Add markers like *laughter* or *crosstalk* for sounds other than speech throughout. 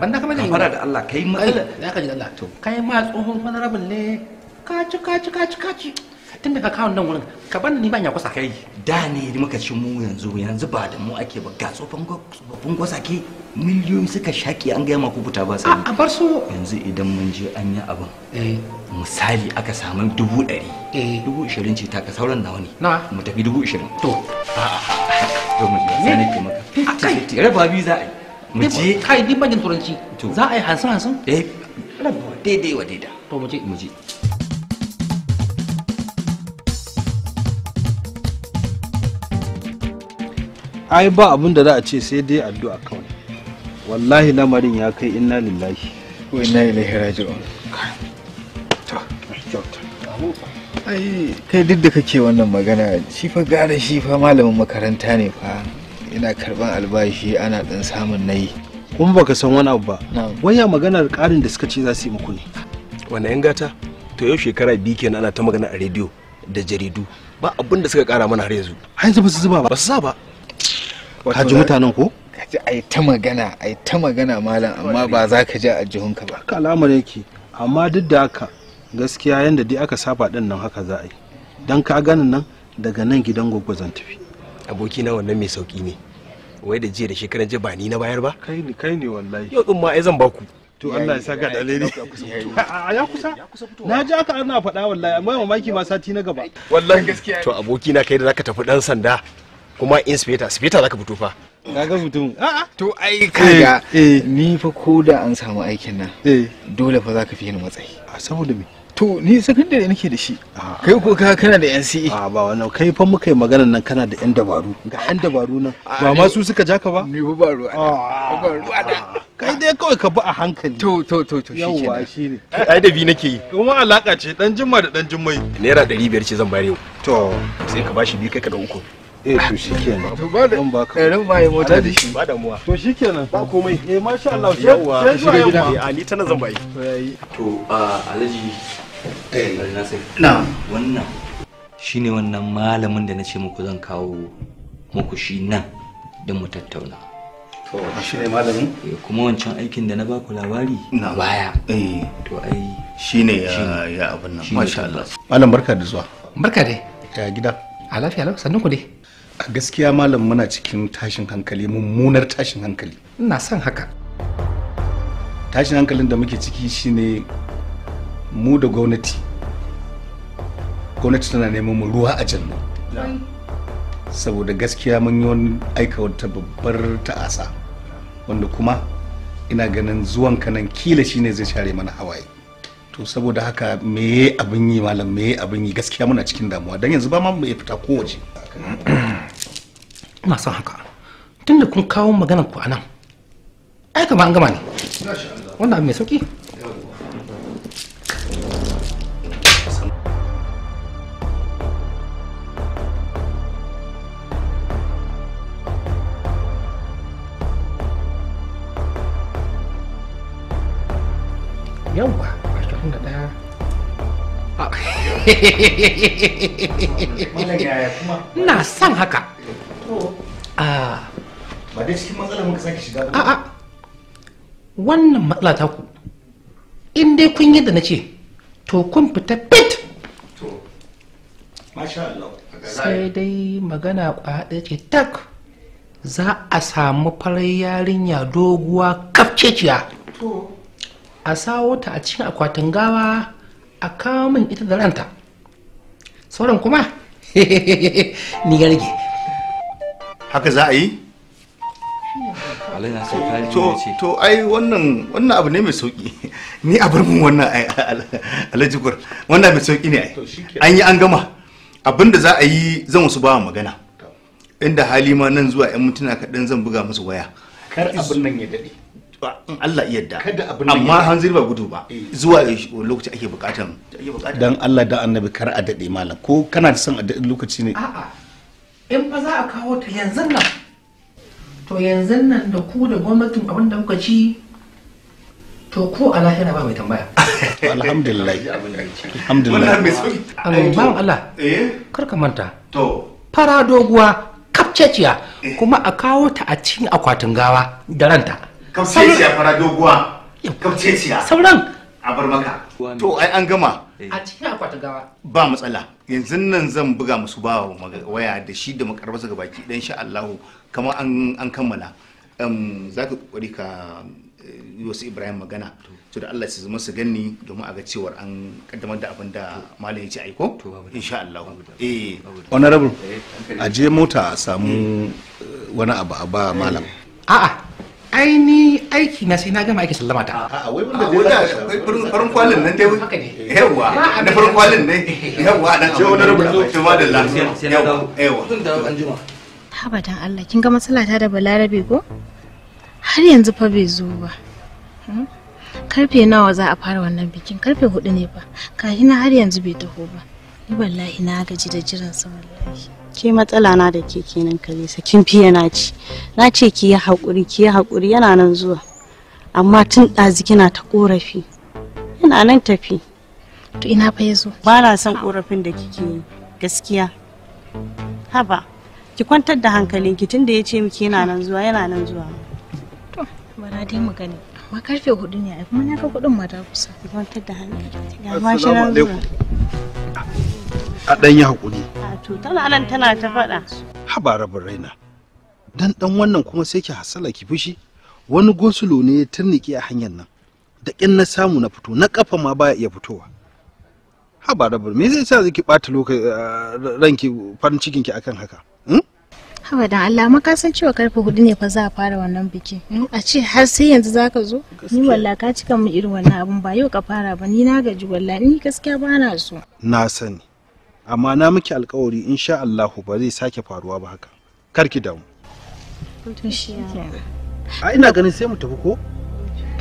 banda kama kamar da fara da Allah kai matsala za ji Allah to kai ma tsohon honorable ne kaci kaci kaci kaci tun da ka kawo nan wurin ka ban ni ban ya kusa kai da ne muka ci mu yanzu yanzu ba da mu ake ba ga tsofan babban ke miliyoyi suka shaki an gaya maku buta ba sai a bar su yanzu idan mun je an yi abin eh. misali aka samu dubu ɗari eh. dubu ishirin ce ta ka sauran nawa ne na mu tafi dubu ishirin to a'a to mu je sani ke maka 50 raba biyu za a yi mu je kai din bajin turanci za a yi hansan hansan eh daidai wa daida to mu je mu je ai ba abin da za a ce sai dai addu'a kawai wallahi lamarin ya kai inna lillahi wa inna ilaihi raji'un ai kai duk da kake wannan magana shi fa gara shi fa malamin makaranta ne fa ina karban albashi ana dan samun nayi kuma baka san wani abu ba waya maganar karin da suka ce za su yi muku ne wanda yan gata to yau shekara biyu kenan ana ta magana a rediyo da jaridu ba abin suka kara mana har yanzu har yanzu ba su zuba ba ba su sa ba ka ji mutanen ko ka ji ai ta magana ai ta magana malam amma ba za ka ji a jihunka ba ka alamar yake amma duk da haka gaskiya yanda dai aka saba din nan haka za a yi dan ka ganin nan daga nan gidan gwaggwazon tafi aboki na wannan mai sauki ne wai da jiya da shekaran jiya ba ni na bayar ba kai ne kai ne wallahi yau din ma ai zan baku to Allah ya saka da alheri a ya kusa na ji aka ana faɗa wallahi amma mamaki ma sati na gaba wallahi gaskiya to aboki na kai da zaka tafi dan sanda kuma inspector inspector zaka fito fa kaga mutum a to ai eh, kaga eh. ni fa ko da an samu aikin nan eh. dole fa zaka fi ni matsayi a saboda me to ni sakandare nake da shi ah, ah. kai ko ka kana da NCE a ah, ba wannan kai fa muka yi magana nan kana da yan dabaru ga yan dabaru nan ba ma eh. su suka ja ka ba ni ba ruwa ba ruwa da kai dai kawai ka bi a hankali to to to to yawa ne ai da bi nake yi kuma alaka ce dan jimma da dan jimmai naira 500 ce zan bare yau to sai ka bashi bi kai ka da uku eh to shikenan to ba da ɗarin baye eh, mota da shi ba damuwa to shikenan ba komai eh masha Allah sai zuwa yamma ali eh, tana zan bai to a alaji Eh. wannan shi wannan malamin da na ce muku zan kawo muku shi nan don mu tattauna shi ne malamin eh, kuma wancan aikin da na ba ku labari baya eh. to ai shine ya abin nan masha Allah malam barka da zuwa barka dai ya gida a lafiya lau sannu ku dai a gaskiya malam muna cikin tashin hankali mummunar tashin hankali ina son haka tashin hankalin da muke ciki shine mu da gwamnati gwamnati tana neman mu ruwa a janna saboda gaskiya mun yi wani aika wata babbar ta'asa wanda kuma ina ganin zuwan kanan kila shine zai share mana hawaye to saboda haka meye abin yi malam meye abin yi gaskiya muna cikin damuwa don yanzu ba ma mu fita kowace ina son haka tunda kun kawo maganar ku anan ai kamar an gama ne wanda abu mai sauki yawwa ashirin da ɗaya ah. ina son haka a ah. ba dai cikin matsala muka sake shiga ba a'a wannan matsala ta ku in dai kun yadda na ce to kun fita fit sai dai magana kwaɗa ce tak za a samu farar yarinya doguwa kafceciya a sawo ta a cikin akwatin gawa a kawo min ita da ranta sauran kuma *laughs* ni ga rage haka za a yi to ai wannan wannan abu ne mai sauki *laughs* ni a bar mun wannan alajikur wannan mai sauki ne ai an yi an gama abinda za a yi zan wasu ba magana inda hali ma nan zuwa 'yan mintuna kaɗan zan buga musu waya kar abin nan ya daɗe in Allah yadda amma hanzir ba gudu ba eh. zuwa lokaci ake bukatan dan Allah da annabi kar a dade malam ko kana da son a dade lokaci ne a'a in fa za a kawo ta yanzu nan to yanzu nan da ku da gwamnatin abin da kuka ci to ko a lahira ba mai tambaya *laughs* alhamdulillah alhamdulillah bawan Allah eh? kar ka manta to fara doguwa kapceciya eh. kuma a kawo ta a cikin akwatin gawa da ranta kafceciya fara doguwa kafceciya sauran a bar maka to ai an gama a cikin akwatin gawa ba matsala yanzu nan zan buga musu ba waya da shi da makarbarsa ga baki dan sha Allahu kamar an kammala za ka kokari ka eh, Yusuf Ibrahim magana to da Allah su zama su ganni domin a ga cewar an kaddamar da abin da malam ya ce aiko insha Allah eh honorable eh, a je mota a samu eh. wani abu a ba malam a'a aini aiki na sai na gama aiki sallama ta a wai wanda ah, dai za farin kwalin nan dai haka ne yawa da farin kwalin ne yawa dan ce wani rubutu ce ma da lafiya yawa yawa abadan Allah kin ga matsala ta da Balarabe ko har yanzu fa bai zo ba hmm? karfe nawa za a fara wannan bikin karfe hudu ne fa kashi na har yanzu bai taho ba ni wallahi na gaji da jiran sa wallahi ke matsala na da ke kenan kalisa kin fiye na ci na ce ki yi haƙuri ki yi haƙuri yana nan zuwa amma tun ɗazi kina ta ƙorafi yana nan tafi to ina fa yazo ba na son ƙorafin da kike yi gaskiya haba ki kwantar da ki tun da ya ce miki yana nan zuwa yana nan zuwa to bara dai mu gani amma karfe hudu ne ai kuma na ga kuɗin mata kusa ki kwantar da hankali ga mashi nan zuwa a ɗan yi haƙuri. to tana nan tana ta faɗa. haba rabin raina dan ɗan wannan kuma sai ki hasala ki fushi wani gosulo ne ya turnike a hanyar nan da ƙin na samu na fito na ƙafa ma baya iya fitowa haba rabin me zai sa zaki ɓata lokaci eh, ranki farin cikin ki akan haka hmm? haba dan Allah ma ka san cewa karfe hudu ne fa za a fara wannan biki hmm, a ce har sai yanzu zaka zo ni wallahi ka cika mu irin wannan abun ba yau ka fara ba ni na gaji wallahi ni gaskiya ba na so na sani amma na miki alkawari insha Allahu ba zai sake faruwa ba haka kar ki damu a ina ganin sai mu tafi ko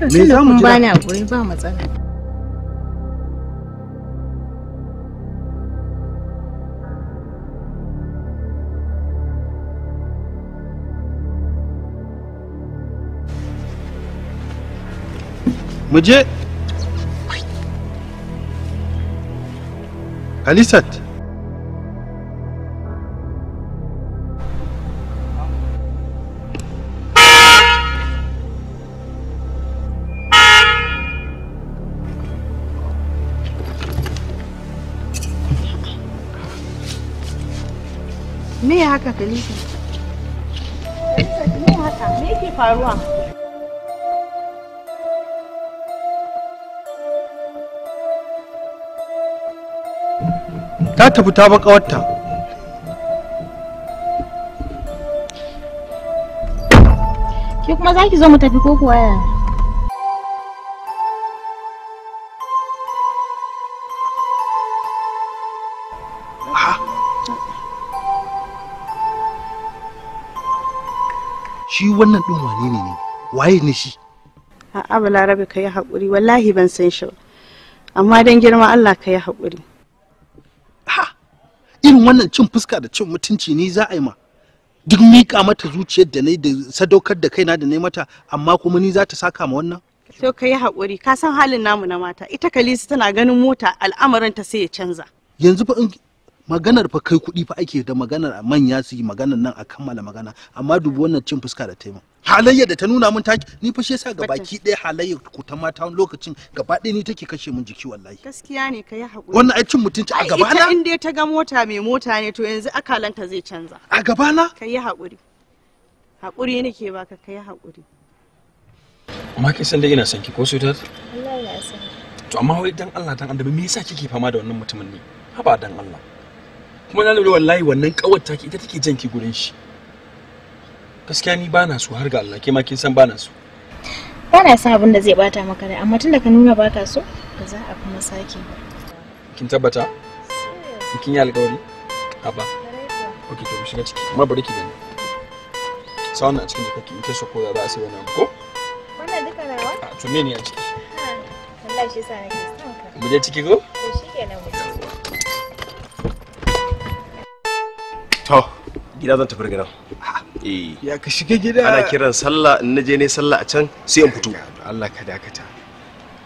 me za mu ba na guri ba matsala mu je Khalisat haka Khalifa? Me haka? Me yake faruwa? Ta tafi ta ba kawarta. ke kuma za ki zo mu tafi ko kuwa yaya? shi wannan din wane ne ne waye ne shi a'a balarabe ka yi haƙuri wallahi ban san shi amma don girma allah ka yi haƙuri ha irin wannan cin fuska da cin mutunci ni za a yi ma duk miƙa mata zuciyar da na da sadaukar da kaina da na mata amma kuma ni za ta saka ma wannan to ka yi haƙuri ka san halin namu na mata ita kalisi tana ganin mota al'amarin ta sai ya canza yanzu fa maganar fa kai kuɗi fa ake da maganar a manya su yi maganar nan a kammala magana amma dubu wannan cin fuska da taimako halayya da ta nuna mun taki ni fa shi yasa ga baki ɗaya halayya ku ta mata lokacin gaba ɗaya ni take kashe mun jiki wallahi gaskiya ne kai hakuri wannan ai cin mutunci a gaba na in dai ta ga mota mai mota ne to yanzu akalanta zai canza a gaba na kai hakuri hakuri nake baka kai hakuri amma kai san da ina son ki ko sweetheart Allah ya san to amma wai dan Allah dan Allah me yasa kike fama da wannan mutumin ne haba dan Allah kuma na lura wallahi wannan kawar take ita take jan ki gurin shi gaskiya ni bana so har ga Allah ke ma kin san bana so bana son abin da zai bata maka rai amma tunda ka nuna baka so ba za a kuma sake kin tabbata kin yi alƙawari a ba ok to mu shiga ciki amma bari ki gani sa wannan a cikin jikin in ke so ko za a sai wannan ko wannan duka nawa to me ne a ciki ah, wallahi shi sa nake son ka mu je ciki ko to shikenan mu to gida zan tafi gidan. eh ya ka shiga gida ana kiran sallah in naje ne sallah a can sai in fito Allah ka dakata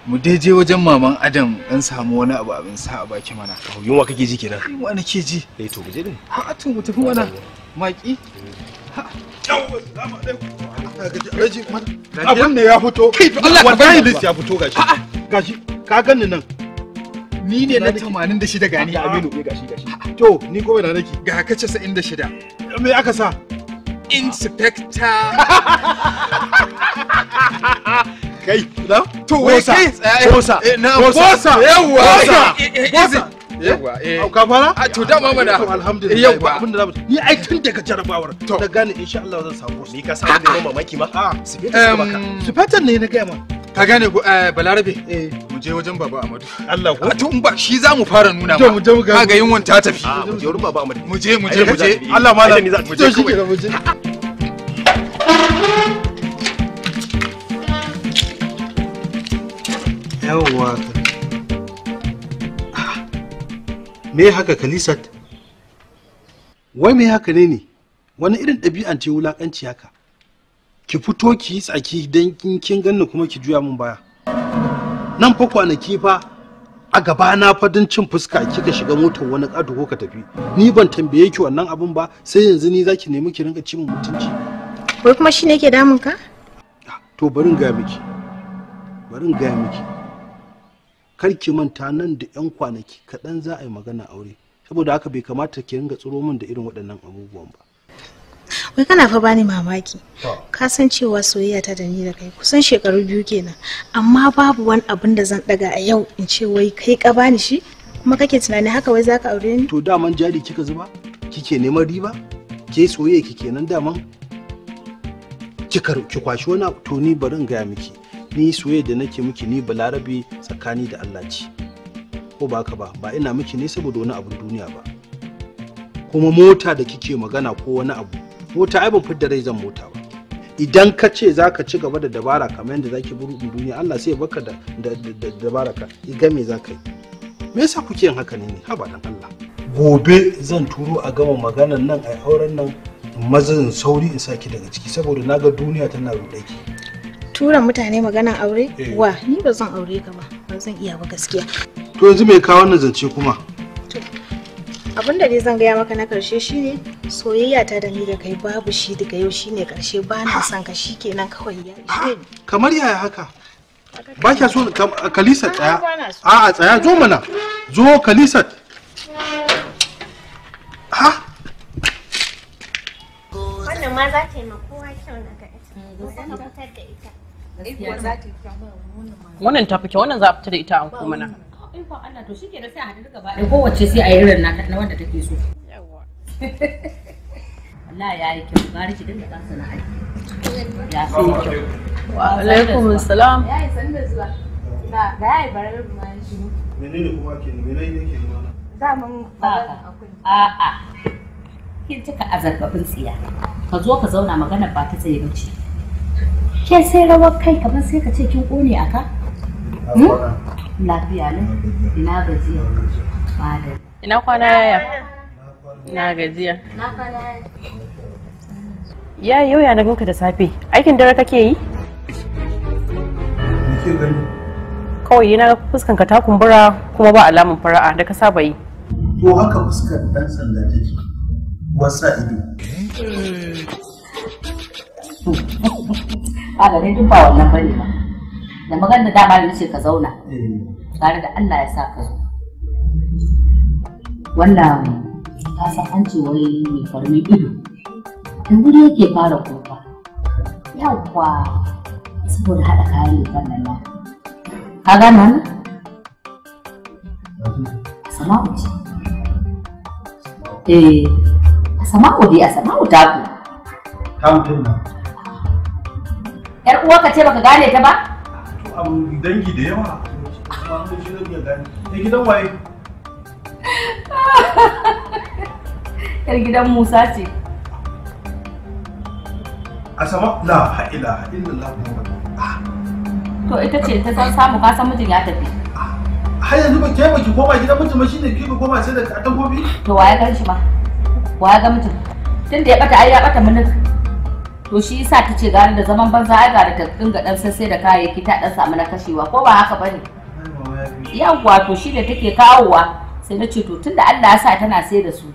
mu dai je wajen maman adam dan samu wani abu abin sa a baki mana To yunwa kake ji kenan Mu ana ke ji eh to guje din ha to mu tafi mana maki ha abin ne ya fito Allah ka bani ya fito gashi gashi ka ganni nan ni ne na 86 ga ni Aminu eh, to ni kowa da nake ga ka 96 me aka sa inspector *laughs* kai da to wai kai bosa eh, na bosa yawa bosa yawa eh, ka fara a ah, to da mama da alhamdulillah yawa abin da zamu ni ai tun daga jarabawar da gane insha Allah zan samu ni ka samu mamaki ma ah. sifatan ne na ga ma ka gane eh balarabe eh. mu je wajen baba amadu Allah ku. to in ba shi za mu fara nuna ma ka ga yin wanta tafi ah, mu je wurin baba amadu mu je mu je mu je Allah malam mu je mu je yawwa ah, me haka kalisat wai me haka ne ne wani irin ɗabi'an ce wulaƙanci haka ki fito ki yi tsaki don kin ganni kuma ki juya mun baya nan fa kwanaki fa a gaba na fa don cin fuska kika shiga motar wani ƙato ko ka tafi ni ban tambaye ki wannan abin ba sai yanzu ni zaki nemi ki rinka cin mutunci wai kuma shine yake damun ka ah, to bari in ga miki bari in ga miki kar ki manta nan da yan kwanaki kaɗan za a yi magana aure saboda haka bai kamata ki ringa tsoro min da irin waɗannan abubuwan ba wai kana fa bani mamaki ka san cewa soyayya ta da ni da kai kusan shekaru biyu kenan amma babu wani abin da zan daga a yau in ce wai kai ka bani shi kuma kake tunani haka wai zaka aure ni to daman jari kika zuba kike neman riba ke soyayya kike nan man kika ki kwashi wani to ni bari in gaya miki ni soyayya da nake miki ni balarabe tsakani da Allah ce ko baka ba ba ina miki ne saboda wani abun duniya ba kuma mota da kike magana ko wani abu mota ai ban fidda rai zan mota ba idan ka ce za ka ci gaba da dabara kamar yadda zaki burin duniya Allah sai ya baka da dabara ka ga me za ka yi me yasa kuke yin haka ne ne haba dan Allah gobe zan turo a gama maganar nan a auren nan mazan sauri in saki daga ciki saboda ga duniya tana ruɗe ki tura mutane magana aure eh. wa ni ba zan aure ka ba ba zan iya ba gaskiya to yanzu me kawo wannan zance kuma abin da dai zan gaya maka na karshe shine soyayya ta da ni da kai babu shi daga yau shine karshe ba na son ka shikenan kawai ya kamar yaya haka ba kya so kalisa tsaya a'a tsaya zo mana zo kalisa ha wannan ma za ta yi ma kowa kyau na ga ita wannan ta fi kyau wannan za a fita da ita an kuma mana. ikon Allah to shike da sai a haɗu duka baɗin kowace sai a yi irin nata na wanda take so. Yawwa. ya yi kyau gari ki dinga Ya fi yi kyau. Wa alaikum salam. Ya yi sanda zuwa. Ga ya yi barar ma shi. ne kuma ke menene yake nuna? Daman baka. A'a. Kin cika a zargafin tsiya. Ka zo ka zauna magana ba ta tsaye ba ce. Ke sai rawar kai kamar sai ka ce kin kone a ka? Hmm? Lafiya ne? Ina gajiya. Ina kwana yaya? Ina gajiya. Ina kwana yaya. Ya yau ya na ganka da safe. Aikin dare kake yi? Kawai yana fuskan ka ta kuma ba alamun fara'a da ka saba yi. To haka fuskan dan sanda ne Wasa ido. Hmm. *laughs* Ba da dai tufa wannan bane ba. da maganda da dama da ce ka zauna tare eh. da Allah ya sa ka zo wannan ta san an ce wai mai farmin ido da wuri yake fara kuka yawwa saboda haɗa kayan lefen nan na ka gane eh. nan? sama'u ce eh a sama'u dai a sama'u ta ku ta mutum na 'yar uwa ka ce baka gane ta ba Abu dangi da yawa amma mun shi zai gani ta gidan waye *laughs* yar gidan musa ce a sama la ha'ila ha'ila to ita ce ta san samu ka san mijin ya tafi har yanzu ba ke baki koma gidan mutum ba shine ki ba koma sai da ta gobe to waye gan shi ba waye ga mutum tun da ya bata ai ya bata mulki to shi yasa ta ce gare da zaman banza ai da ta dinga dan sassai da kayayyaki ta dan samu na kashewa ko ba haka bane yawwa to shi da take kawowa sai na ce to tunda Allah ya sa tana sai da su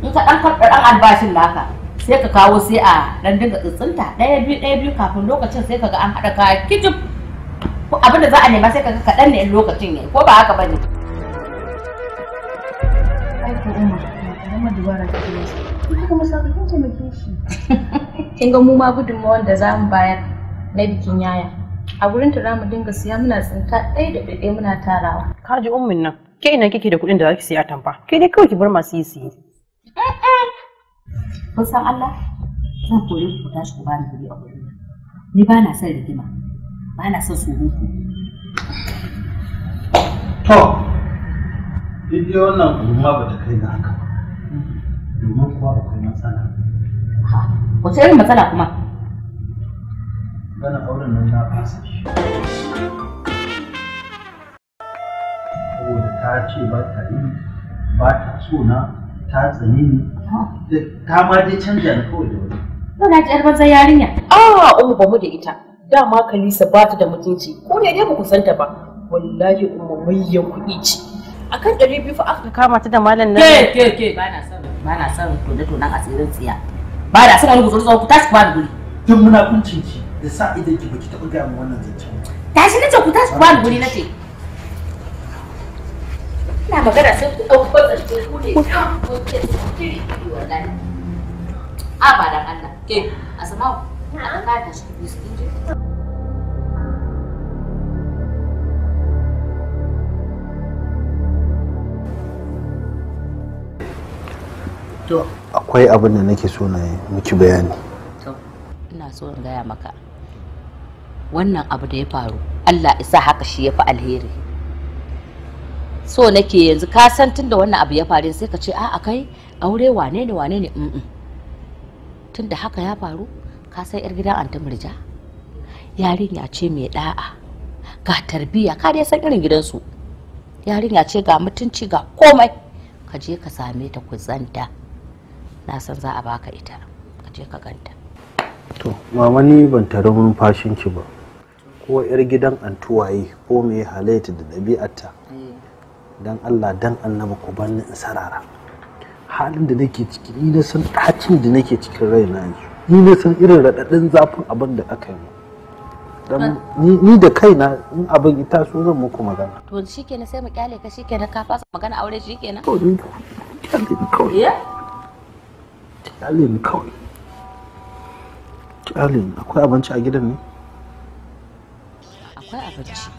in ka dan karɓi dan albashin naka sai ka kawo sai a dan dinga tsuntsunta ɗaya biyu ɗaya biyu kafin lokacin sai ka ga an haɗa kaya kijib abinda za a nema sai ka ga kaɗan ne lokacin ne ko ba haka bane aiko kuma dubara ta kuma sai ka taimake kin ga mu ma gudunmawar da za mu bayar na bikin yaya a gurin ta mu dinga siya muna tsinta ɗaya da ɗaya muna tarawa ka ji ummin nan ke ina kike da kuɗin da za ki siya tamfa ke dai kawai ki bar masu yi siye kun san Allah zan kore ku tashi ku bani kuɗi a gurin ni ba na son rigima ba na son surutu to idan wannan kuma ba ta kai na haka ba, domin kuwa akwai matsala wace irin matsala kuma gana auren nan na fasa shi saboda ta ce ba ta yi ba ta so na ta tsani ni ta ma dai canja na kawai da wani na ji yar yarinya. Ah, umu ba mu da ita. Dama Kalisa ba ta da mutunci. Ko ne dai ba ku santa ba. Wallahi mai mayyan kuɗi ce. Akan ɗari biyu fa aka kama ta da malam nan. Ke ke ke ba na son ba na son da tunan asirin tsiya. ba da san wani gutsuru tsawo ku tashi ku ba da guri duk munafuncin ki da sa idan ki baki taɓa gaya mu wannan zancen tashi nace ku tashi kuwa ba da guri nace ina magana sai ku ɗauko zance ku ne ku ke tsiri wallahi a ba dan Allah ke asma'u na ka tashi ku akwai abin da nake so na miki bayani ina so in gaya maka wannan abu da ya faru allah isa haka shi ya fi alheri so nake yanzu ka san tunda wannan abu ya faru sai ka ce a'a kai aure wane ne wane ne tunda haka ya faru ka san yar gidan anta murja yarinya ce mai da'a ga tarbiyya ka dai san irin gidansu yarinya ce ga mutunci ga komai ka je ka same ta ku zanta na san za a baka ita ka je ka ganta to mama ni ban tare mun fashin ki ba ko yar gidan antuwaye ko me halaita da dabi'arta dan Allah dan annabi ku ban ni sarara halin da nake ciki ni na san ɗacin da nake cikin raina ne. ni na san irin radadin zafin abin da aka yi dan ni da kaina in abin ita so zan muku magana to shikenan sai mu kyale ka shikenan ka fasa magana aure shikenan to ni kyale ni kawai ki kyale kawai kyale ni akwai abinci a gidan ne akwai abinci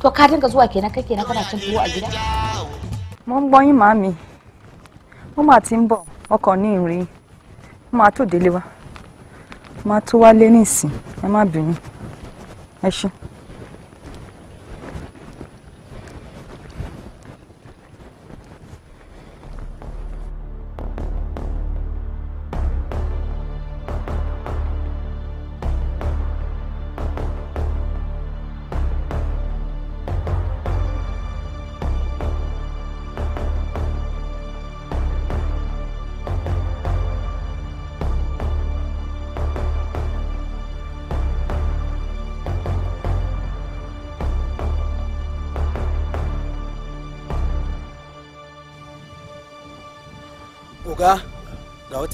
to ka dinga zuwa kenan kai kenan kana cin tuwo a gida mo ń gbọ́ yín màámi mo ma ti ń bọ̀ ọkọ̀ ní ìrìn mo máa tó délé wa máa tó wálé nísìn ẹ má bínú ẹ ṣé.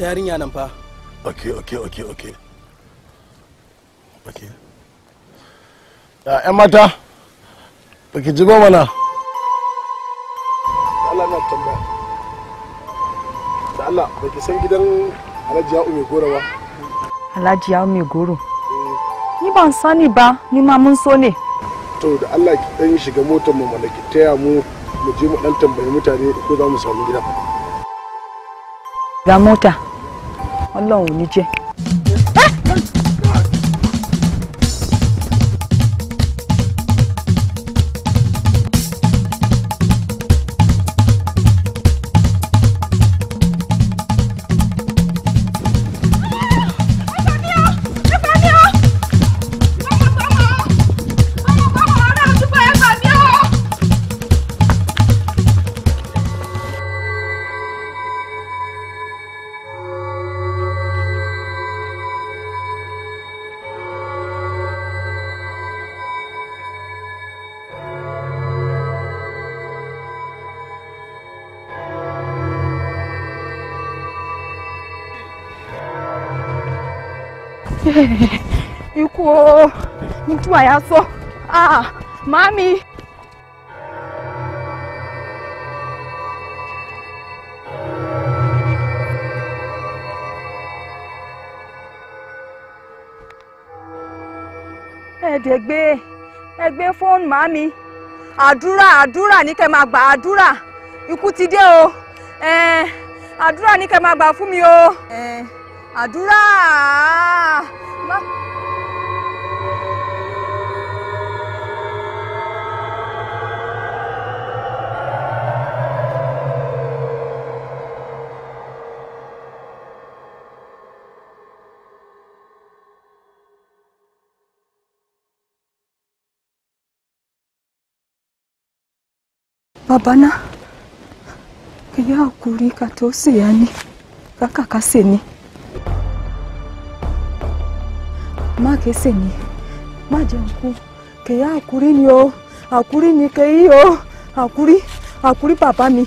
ta yarinya nan fa ok ok ok ok ok ya yan mata baki ji ba mana Allah na tamba da Allah baki san gidan Alhaji Ya'u mai goro ba Alhaji Ya'u mai goro eh. ni ban sani ba ni ma mun so ne to da Allah ki dan shiga motar mu mana ki taya mu mu je mu dan tambayi mutane ko za mu samu gida. ga mota 弄你接。*laughs* ikú o ikú àyàsọ ah mami ẹ̀dẹ̀ gbé ẹ gbé fóònù màámi àdúrà àdúrà ní kẹ́ máa gbà àdúrà ikú ti dé o àdúrà ní kẹ́ máa gbà fún mi o. Eh. àdúrà má. babana kiyao kulika tosi yani kaka kaseni má kése ni má jẹun kèyà àkúrí ni o àkúrí ni kèyí o àkúrí àkúrí bàbá mi.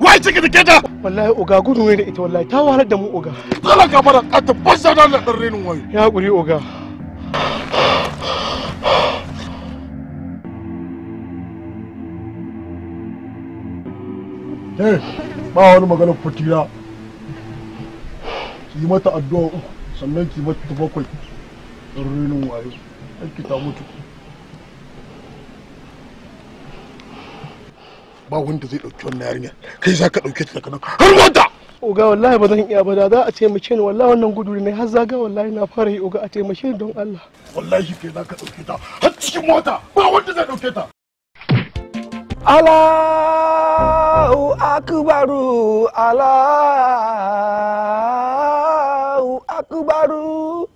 Why take it together? Wallahi oga gudu ne ita wallahi ta wahalar da mu oga. ka fara ka fasa da dan renin Ya kuri oga. Eh. ba wani magana fatira ki yi mata addu'a uku sannan ki mata ta bakwai rinin wayo aiki ta mutu ba wanda zai ɗauki wannan yarinya kai za ka ɗauke ta daga nan har wanda oga wallahi ba zan iya ba da za a taimake ni wallahi wannan gudu ne har zaga wallahi na fara yi oga a taimake ni don Allah wallahi kai za ka ɗauke ta har cikin mota ba wanda zai ɗauke ta Allahu akbaru Allahu akbaru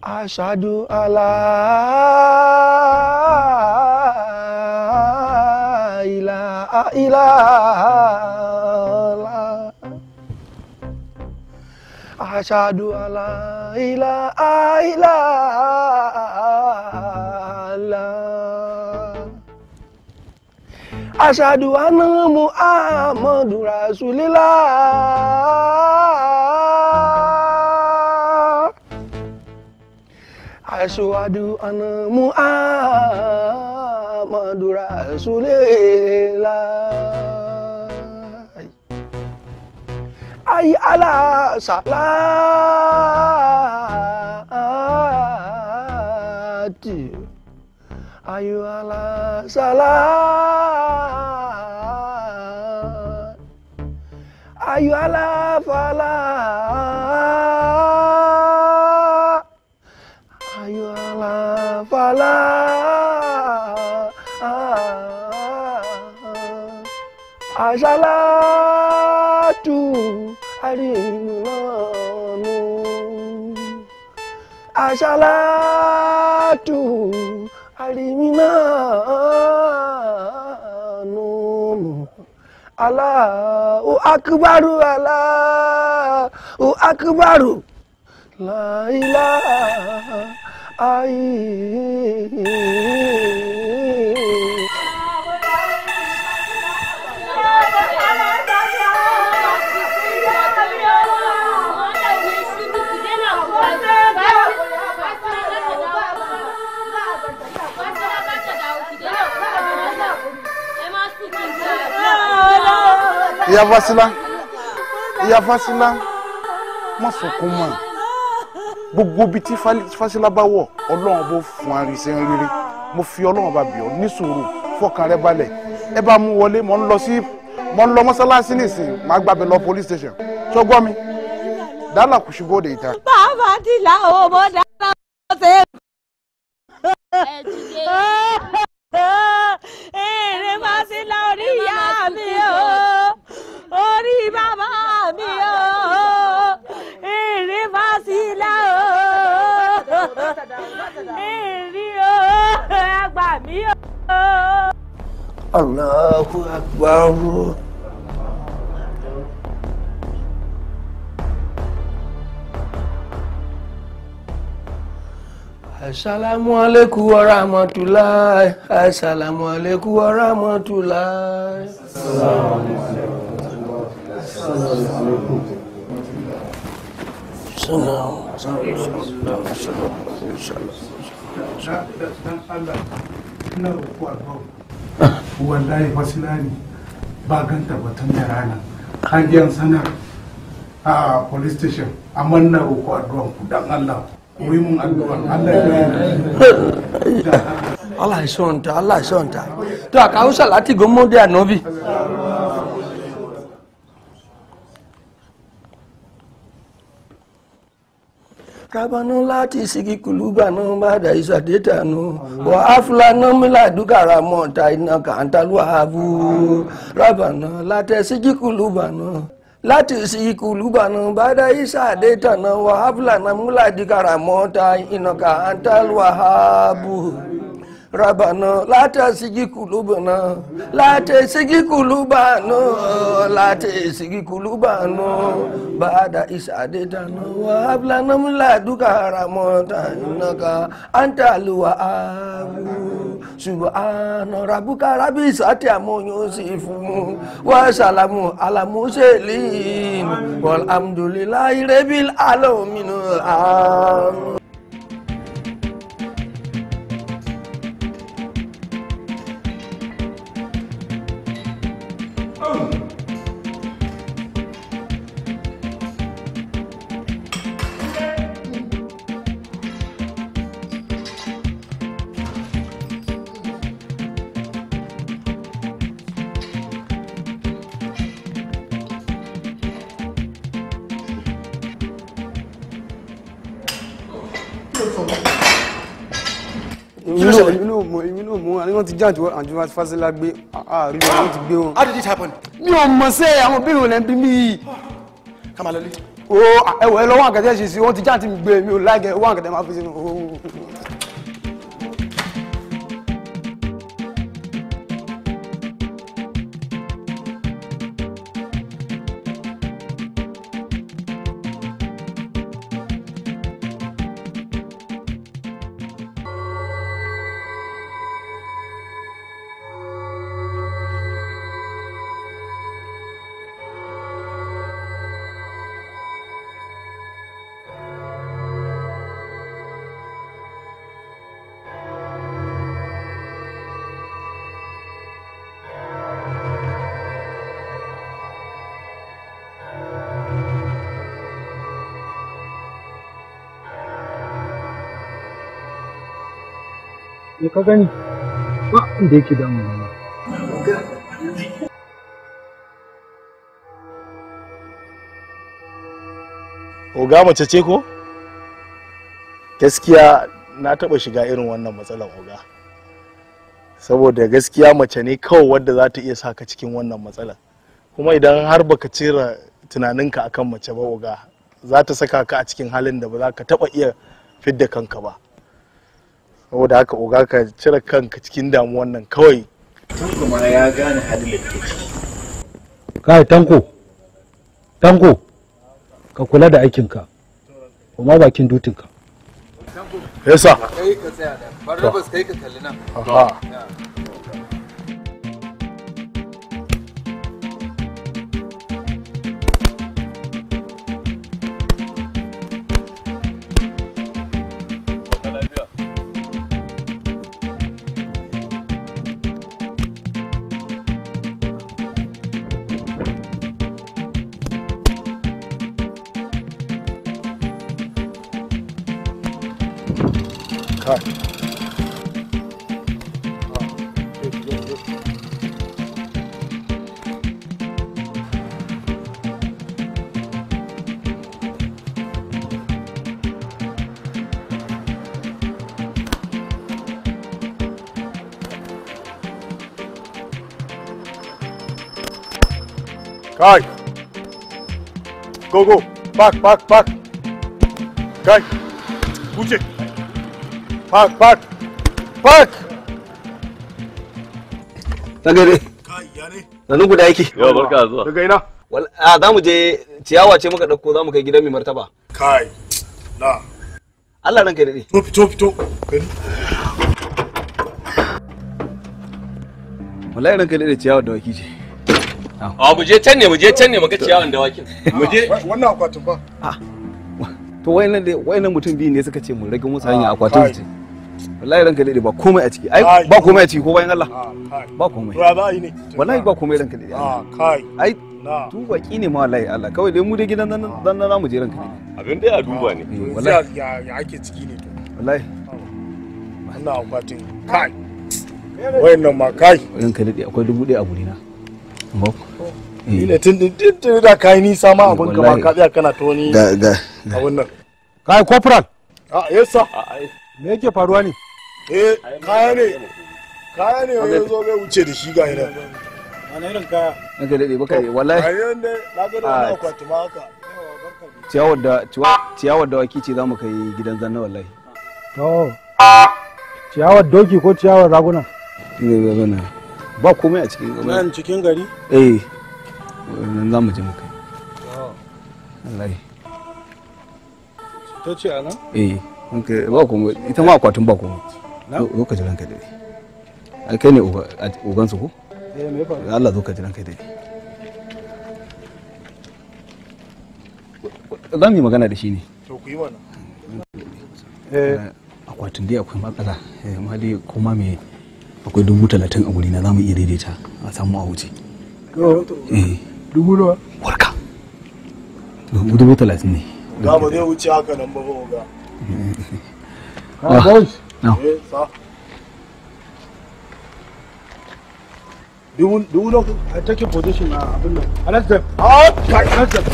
Asyhadu alla ilaha illallah aṣáájú aláìlá àìlá àlá. aṣáájú aná muhammadu rasulilá. aṣáájú aná muhammadu rasulilá. 阿依阿拉沙拉，阿依啊拉沙拉，阿啊啊啊！啊拉，阿啊啊啊啊啊啊啊啊 rí inú náà mú aṣáláàtù àrími náà nù mú aláàú akúbárù aláàú akúbárù láìlá ayé. ìyá Fásilá ìyá Fásilá má sunkún mọ́ gbogbo ibi fasila ba wo. wọ̀ ọlọ́run bó fún arinṣẹ́ rere mo fi ọlọ́run bá bì ọ́ ní sùúrù fọkàn rẹ balẹ̀ ẹ bá mú Mo nlo ń lọ sí mò ń lọ mọ́sálásí nìsín màá gbàbẹ̀ lọ police station ṣọgbọ́n mi dala kushigo da ita. Ba ba la o mo dala se. Èrè máa ti la mi o. Baba mi o ìrìn bá sí ilá o ìrìn o ẹgbà mi o. Allahu Akbar. Assalamu alaikum wa rahmatullahi. Assalamu alaikum wa rahmatullahi. السلام عليكم السلام ba ganta batun da rana hanyar sanar a police station amma na uku addu'an ku dan Allah kuyi mun addu'an Allah ya Allah ya sonta Allah ya sonta to a kawo salati gomo da annabi kábọnú láti sigi kùlùbànú bá dà iṣu àdétànú wà áfúlànú mílà dúkàrà ta iná kàńtàlúwà abú rábànú látẹ̀ sigi kùlùbànú láti sigi kùlùbànú bá dà iṣu wà ربنا لا تسجي قلوبنا لا تسجي قلوبنا لا تسجي قلوبنا بعد إذ هديتنا وهب لنا من لدنك رحمة إنك أنت الوهاب سبحان ربك رب العزة عما يصفون وسلام على المرسلين والحمد لله رب العالمين آمين sergeant and juvenile fasila gbé àárín wọn ti gbé wọn. how did it happen. mi ò mọ̀ sẹ́ àwọn obìnrin olè ń bí mi yìí. ká máa lọ lé. o ẹwọ ẹ lọ wọn àkàtà ẹ ṣe sí wọn ti jáǹtì mi gbé e, mi ò láìgẹ wọn àkàtà máa fi sínú. Oh. me ka gani ba inda yake damu Oga mace ce ko? Gaskiya na taɓa shiga irin wannan matsalar oga. Saboda gaskiya mace ne kawai wadda za ta iya sa ka cikin wannan matsalar. Kuma idan har baka cire tunaninka akan mace ba oga, za ta saka ka a cikin halin da ba za ka taɓa iya fidda kanka ba. saboda haka oga ka cire kanka cikin damuwan nan kawai tanko mana ya gane halin da ke ciki kai tanko tanko ka kula da aikinka kuma bakin dutinka yasa kai ka tsaya da bar kai ka kalli nan go go back back back kai wuce back back back tagare kai ya ne sanin guda yake yau barka zuwa daga ina wal a zamu je ciyawa ce muka dauko mu kai gidan mai martaba kai la Allah ranka dade to fito fito wallahi ranka dade ciyawa da waki ce Ah. a mu je can ne mu je can ne mu ga ciyawan dawakin *laughs* mu je ah, wannan akwatin ba ah. to wayannan wayannan mutum biyu ne suka ce mu rage musu hanya akwatin su wallahi ranka dade ba komai a ciki ai ba komai a ciki ko bayan Allah ba komai to yi ne wallahi ba komai ranka dade a kai ai tu baki ne ma wallahi Allah kawai dai mu dai gidan nan dan nan mu je ranka dade abin dai a duba ne eh, wallahi ya ake ciki ne to wallahi wannan akwatin kai wayannan ma kai ranka dade akwai dubu ɗaya a gurina Ina eh. tun tun da ka yi eh, ka tsaya kana nan. Kai corporal. A yes Me yake faruwa ne? Eh kaya ne. Kaya ne zo bai wuce da shi ga ina. Wani irin kaya? Nake daɗe baka yi wallahi. Kayan ne na ga da wani ah. akwati ma haka. Ciyawar da ciyawar da waki ce za mu kai gidan zanna wallahi. To. Ciyawar doki ko ciyawar raguna? Ciyawar raguna. ba komai a cikin gari nan cikin gari eh nan za mu je mu kai Allah ta ce anan eh ba komai ita ma akwatin ba komai zo ka jiran ka dai ai kai ne ugan su ko eh me fa Allah zo ka jiran ka dai za mu yi magana da shi ne to ku yi wannan eh akwatin dai akwai matsala eh, amma dai kuma me akwai dubu talatin a wuri na zamu iya daidaita a samu a wuce eh. dubu nawa warka dubu talatin ne ba ba zai wuce haka nan ba ba ga *laughs* ah. ka eh, sa dubu dubu nawa take position a abin nan another ah another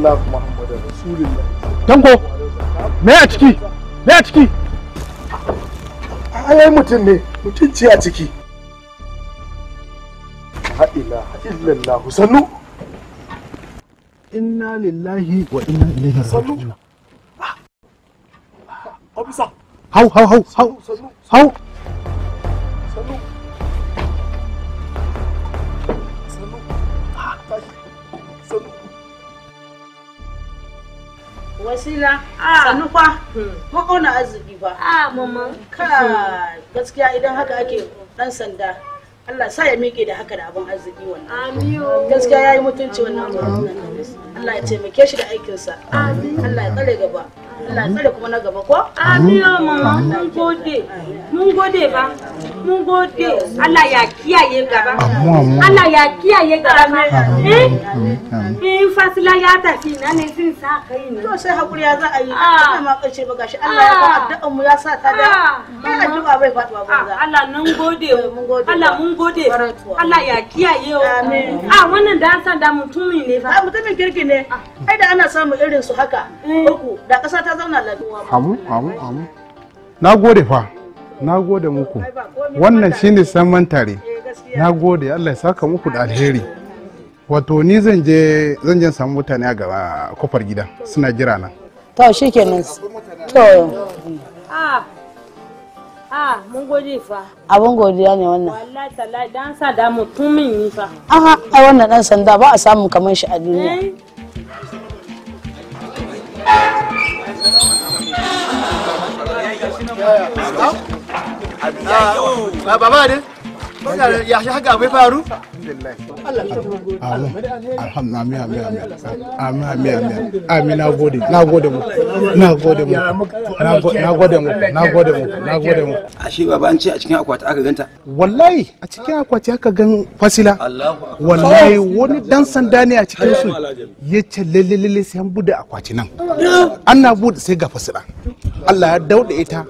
Allah Muhammadu Rasulullah. me a ciki? Me a ciki? Ayai mutum ne, mutum ce a ciki. La ilaha illallah sannu. Inna lillahi wa inna ilaihi raji'un. Sannu. Hau hau hau hau wasila ah. sannu fa makauna hmm. arziki ba a ah, mama kai gaskiya idan haka ake dan sanda Allah sa ya miƙe da haka da abin arziki wannan gaskiya yayi mutunci wannan Allah ya taimake shi da aikinsa Allah ya tsare gaba Allah tsare kuma na ko amin ba Allah ya kiyaye gaba Allah ya eh? fasila ya tafi na ne sun sa kai ne to sai hakuri ya za a yi ah. Allah ya ba ah. addu'an ya ah. ba Allah eh, mun gode Allah mun gode Allah ya kiyaye amin a wannan da san da mutumi ne fa mutumin kirki ne ai da ana samu irin su haka eh. uku da kasa ta ka zauna laluwa hamu hamu hamu na gode fa na gode muku wannan shine saman tare na gode Allah ya saka muku da alheri wato ni zan je zan je samu mutane a gaba kofar gida suna jira nan to shikenan to ah Ah, mun gode fa. Abin godiya ne wannan. Wallahi tallahi dan sa da mutumin yi fa. Aha, ai wannan dan sanda ba a samu kamar shi a duniya. Eh? ah, ah, ah, ah, haka ah, faru? alhamdulillah amin amin amin amin na ashe baba an ce a cikin akwati aka ganta wallahi a cikin akwati aka gan fasila wallahi wani dan sanda ne a cikin su ya ce lalle sai an bude akwati nan ana bude sai ga fasila Allah ya dauda ita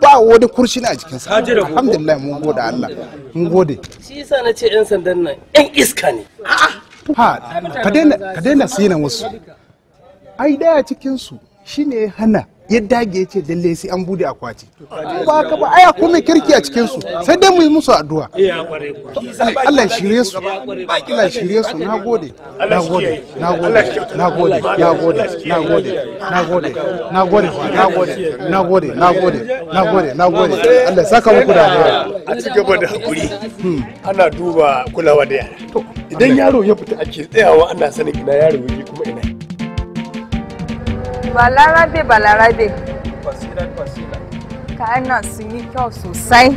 ba wani kurshi kurshina a sa alhamdulillah mun gode Allah mun gode shi yasa na ce yan sandan nan yan iska ne ha ka daina sinan wasu ai daya cikin su shine hana ya dage ya ce dalle sai an bude akwati ba ka ba aya kuma kirki a cikin su sai dai mu yi musu addu'a Allah ya shirye su Allah ya shirye su nagode nagode nagode nagode nagode nagode nagode nagode nagode nagode nagode nagode Allah ya saka muku da a ci gaba da hakuri ana duba kulawa da yara idan yaro ya fita ake tsayawa ana sanin ina yaro yake kuma ina balarabe balarabe ka na sun yi kyau sosai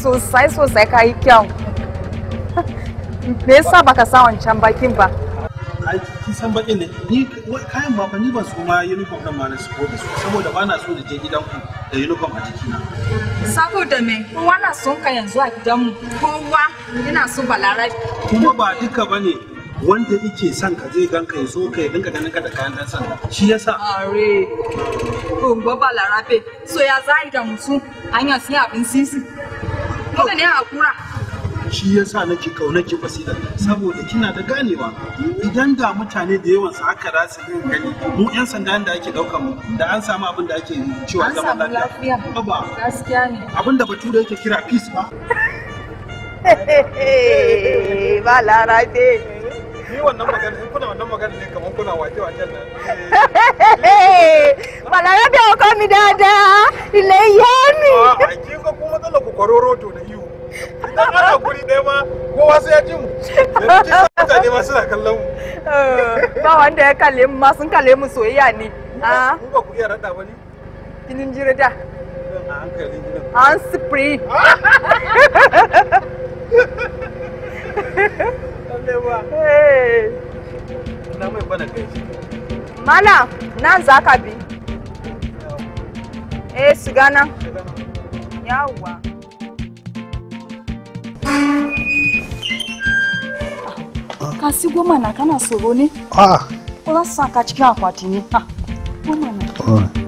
sosai sosai ka yi kyau *laughs* me yasa baka sa wancan bakin ba kin san bakin ne ni kayan ba ni ba so ma uniform din ma na su da su saboda ba na so da je gidan ku da uniform a jikina saboda me kowa na son ka yanzu a gidanmu kowa yana so balarabe kuma ba duka bane wanda yake son ka zai gan kai so kai dinka ganin ka da kayan dan san shi yasa are kun baba larabe so ya zai da musu hanya sai abin sisi kuma ne a kura shi yasa nake kauna ki basira saboda kina da ganewa idan da mutane da yawan su haka za su yin gani mu yan sanda da ake daukan mu da an samu abin da ake cewa zama lafiya baba gaskiya ne abin da bature yake kira peace ba ba larabe ni wannan magana kuna wannan magana ne kamar kuna wake wake nan dada ile iya a ko kuma dole da iyo guri ɗaya ma kowa sai ji mu mutane ma suna kallon eh, ya kalle mu ma sun kalle mu soyayya ne a ah. ba ku iya ni *laughs* Mana, nan za ka bi. Eh, su gana. Yawa. Ka si goma na kana soro ne? Ah. Ko za su sa ka cikin akwati ne? Ha. Ko mana.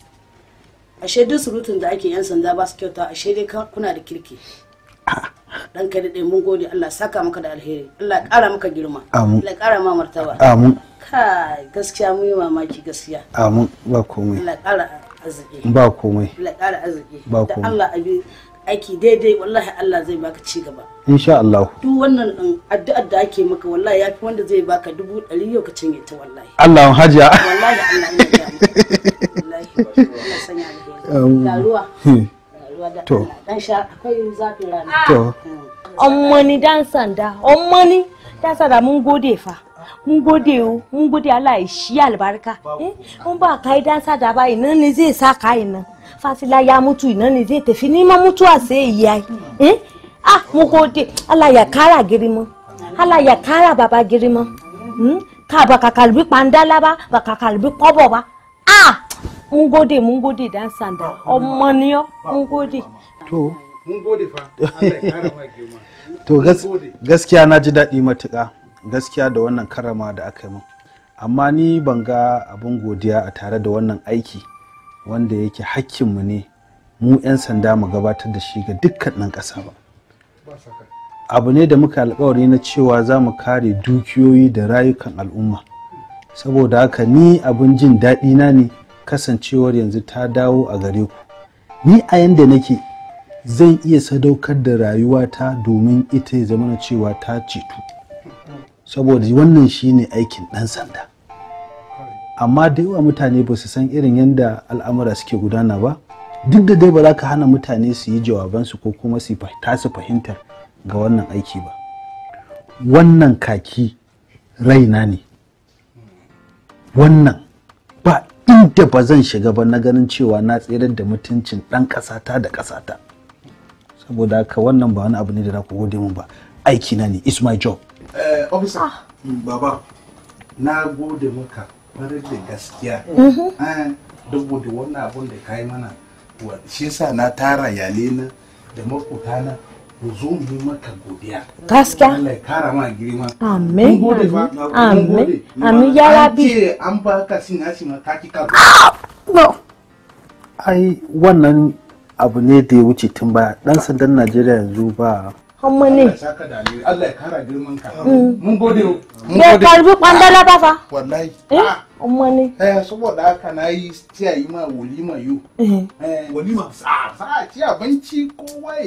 ashe duk surutun da ake yan sanda ba su kyauta ashe dai kuna da kirki dan *laughs* ka dade mun gode Allah saka maka da alheri Allah kara maka girma Allah kara ma martaba amin kai gaskiya mun yi mamaki gaskiya amin ba komai Allah kara arziki ba komai Allah kara arziki ba komai da Allah abi aiki daidai wallahi Allah zai baka ci gaba insha Allah duk wannan um, addu'ar da ake maka wallahi yafi wanda zai baka dubu ɗari yau ka cinye ta wallahi Allah hajiya wallahi Allah ya *laughs* wallahi ba sanya Um, hmm. to to amma ni dan sanda amma ni dan sanda mun gode fa mun gode o mun gode Allah ya shi albarka eh mun ba kai dan sanda ba ina ne zai sa kai nan fasila ya mutu ina ne zai tafi ni ma mutuwa sai yayi eh ah mun gode Allah ya kara girman Allah ya baba girman hmm ka ba ka kalbi pandala ba ba ka kalbi ba ah mun gode mun gode dan sanda amma mun to mun *laughs* to gaskiya na ji daɗi matuƙa gaskiya da wannan karama da aka yi min amma ni ban ga abin godiya a tare da wannan aiki wanda yake hakkinmu ne mu 'yan sanda mu gabatar da shi ga dukkan ɗan ƙasa ba abu ne da muka alkawari na cewa za mu kare dukiyoyi da rayukan al'umma saboda haka ni abin jin daɗi na ne kasancewar yanzu ta dawo a gare ku ni a yanda nake zan iya sadaukar da rayuwata domin ita ya zama cewa ta ceto saboda wannan shine aikin ɗan sanda amma da yawa mutane ba su san irin yadda al'amura suke gudana ba duk da dai ba za ka hana mutane su yi jawabansu ko kuma su tasu fahimtar ga wannan aiki ba wannan kaki raina ne wannan inda ba zan shiga ba na ganin cewa na tsirar da mutuncin ɗan ƙasata da ƙasata saboda haka wannan ba wani abu ne da za ku gode min ba aiki na ne it's my job eh officer ah. mm, baba na gode maka farar da gaskiya mhm. eh, saboda wannan abun da kai mana shi yasa na tara yale na da na mu zo mu yi maka godiya gaskiya Allah ya kara ma girma amin amin amin ya rabi an ba ka sin asi k'i ka kika ah! no ai wannan abu ne da ya wuce tun baya dan sandan Najeriya yanzu ba hamma ne Allah ya kara girman ka mun gode mun gode karbi kwandala ba fa wallahi eh? ah. amma ne eh saboda haka nayi tiya yi ma walima yo eh. eh walima sa sa ci abinci kowa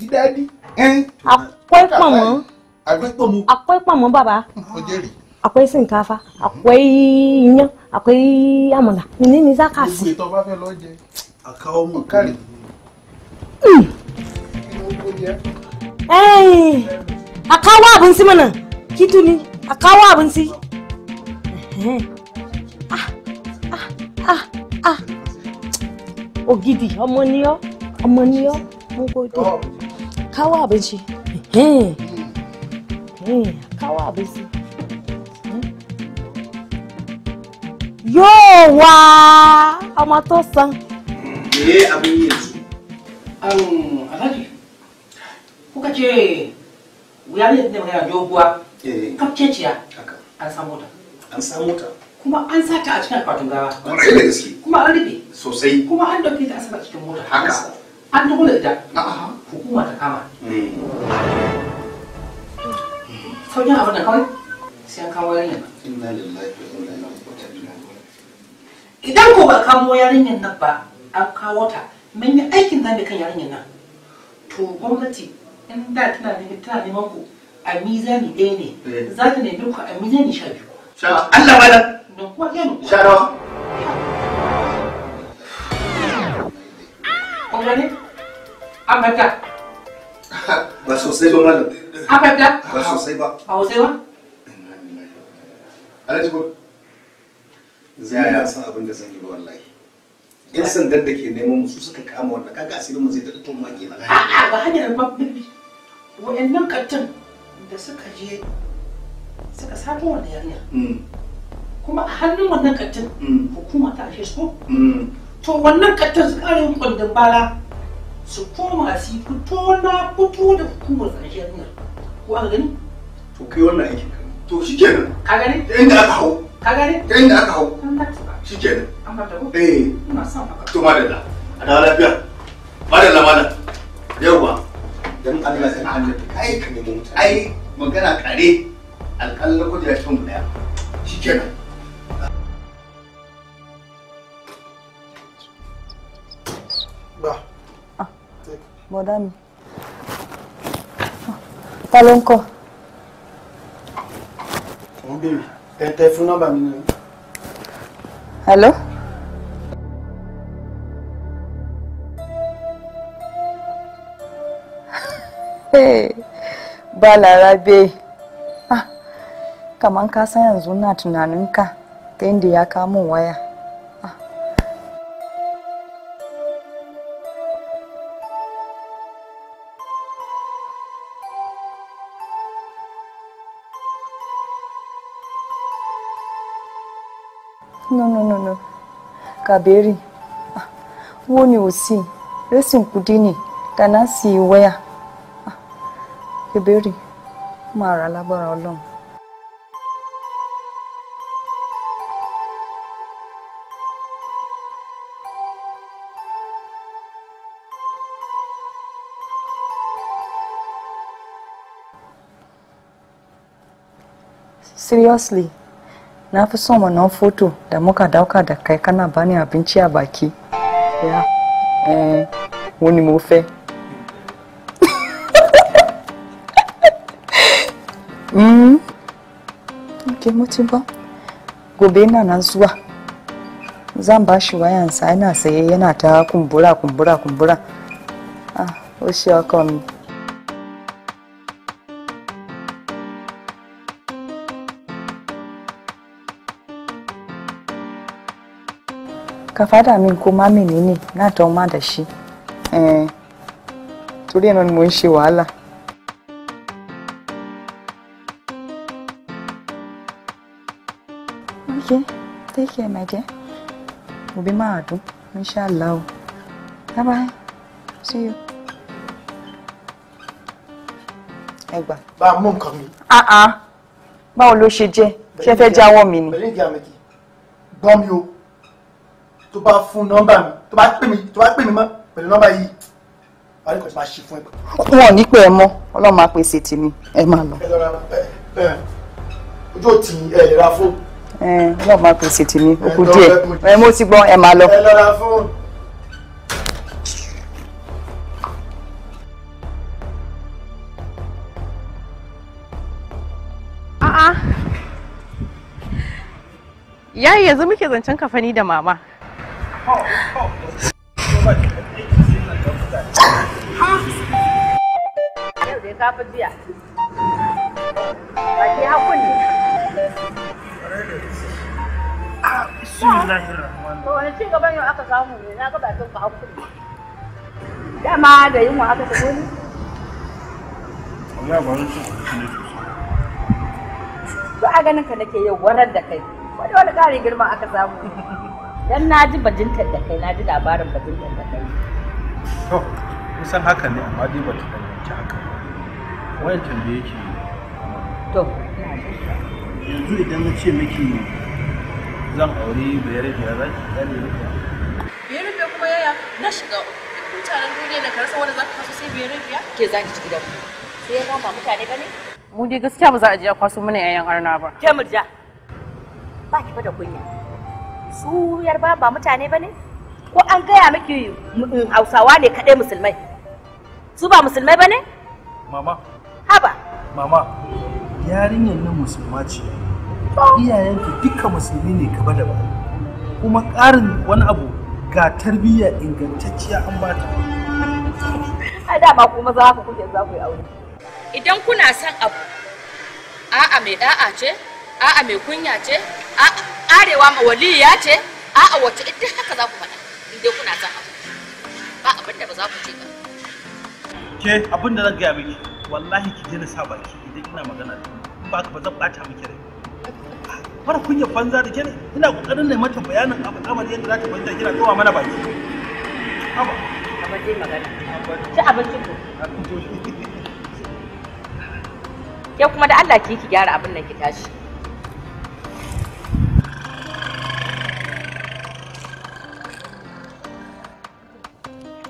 dídádí. àpẹ́ pọ̀ mọ́ àpẹ́ pọ̀ mọ́ bàbá àpẹ́ sìnkáfa àpẹ́ iyán àpẹ́ àmàlà ní ní sákàsì. gbogbo ètò ọba fẹ́ lọ jẹ àká ọmọ kárì. Hmm. àkáwọ́ àbùnsí mọ̀nà kí tún ni àkáwọ́ àbùnsí. Ah, ah, ah, ògidì ọmọ ni ọ ọmọ ni ọ mú kó dé. kawo abinci kawo abinci yóò wá ọmọ tó san. me abin yanzu alhaji kuka ce wuyariyar da magana doguwa eh. kafceciya an samu ta an samu ta kuma an sa ta a cikin akwatin gawa kuma an rufe sosai kuma an dauke ta a cikin mota haka an tuhu da a hukuma ta kama sauƙin abin da kawai sai an kawo yarinyar idan ko ba kamo nan ba an kawo ta min yi aikin zabe kan yarinyar nan to gwamnati in da tana neman mako a mizani ɗaya ne za ta nemi ku a mizani sha biyu Allah malam don kuwa ɗaya sha an fahimta ba sosai ba malam ko zai ya san abin da zan yi ba wallahi yan sandan da ke neman musu suka kama wannan kaga asirin mu zai da tun maki na a'a ba hanyar babbi wa'annan kattin da suka je suka sato wannan yarinya mm. kuma a hannun wannan kattin mm. hukuma ta ashe su mm. to wannan kattin su kare kwandon bala su koma su yi fito na fito da hukumar ƙarshen nan ko an gani to kai wannan aiki to shi kenan ka gani ta inda aka hau ka gani ta inda aka hau shi kenan an ba ta ko eh ina son haka to madalla a dawo lafiya madalla mana yawwa dan Allah sai an yi kai ka nemo mutane ai magana kare alƙalla kujera cikin guda shi kenan bọ̀dá mi ta ló ń kọ́. balarabe ah kaman ka san yanzu na ka ta inda ya kamo waya no no no no kàbẹ́rì wo ni ò sí rẹ́sìn kùdínì dáná sí wẹ́yà ah, kàbẹ́rì máa rà lágbára ọlọ́run. Seriously? na fi son wannan foto da muka dauka da kai kana bani abinci a baki ya eh wani mo fe mm ke mutu ba gobe na nan zuwa zan ba shi wayansa yana saye yana ta kumbura kumbura kumbura ah o shi aka ka fada mi ko mami mi ni na don ma da shi eh torí ẹ̀ náà ni mo ń ṣe okay take care my dear òbí máa dùn inshallah o bye bye see you. ẹ gbà. bá a mú nǹkan mi. Ah, ah. báwo ló ṣe jẹ́ ṣe fẹ́ jáwọ́ mi ni. pẹ̀lú ìjà mi kì í gbọ́ mi o tó bá fún nọ́mbà mi tó bá pè mí tó bá pè mí mọ́ pẹ̀lú nọ́mbà yìí wàá rí kò tí máa ṣe fún ẹ. wọn ò ní pẹ́ ẹ mọ́ ọlọ́run máa pèsè tèmi ẹ máa lọ. ojú ò tí ẹ lè ra fóònù. ọlọ́run máa pèsè tèmi ó kù díẹ̀ ẹ mo ti gbọ́ ẹ máa lọ. ẹ yanzu muke zancen kafani da mama. Yau ka wani a ganin ka nake yau da kai. Wani wani girma aka samu. dan na ji bajintar da kai na ji labarin bajintar da kai to kusan haka ne amma dai ba ta danganci haka wani tambaye yake to yanzu idan na ce miki zan aure bayar da ya zaki dan ne bayar da kuma yaya na shiga mutanen duniya da karsa wanda ka kaso sai biyar. da ke ki ci gidan sai ya kama mutane bane mu dai gaskiya ba za a je a kwaso mana yayan arna ba ke murja ba ki fa da kunya su yarba ba mutane ba ne ko an gaya miki mm, hausawa ne kaɗai musulmai su ba musulmai ba ne mama haba mama yarinyar nan musulma ce Iyayenta duka musulmi ne gaba da baya kuma ƙarin wani abu ga tarbiyya ingantacciya an ba ta a dama kuma za ku kuke za ku yi aure idan kuna son abu a'a mai da'a ce a'a mai kunya ce a'a karewa ma waliya ce a'a wace ita haka za ku faɗa idan kuna son abu ba abin da ba za ku ce ba ke abin da zan gaya miki wallahi ki daina sa baki idan ina magana da in ba ka ba zan bata miki rai mara kunya banza da ke ina kokarin ne mata bayanin abu kamar yadda za ta banza kina kowa mana baki haba kamar dai magana ci abincin ku ke kuma da Allah ki ki gyara abin nan ki tashi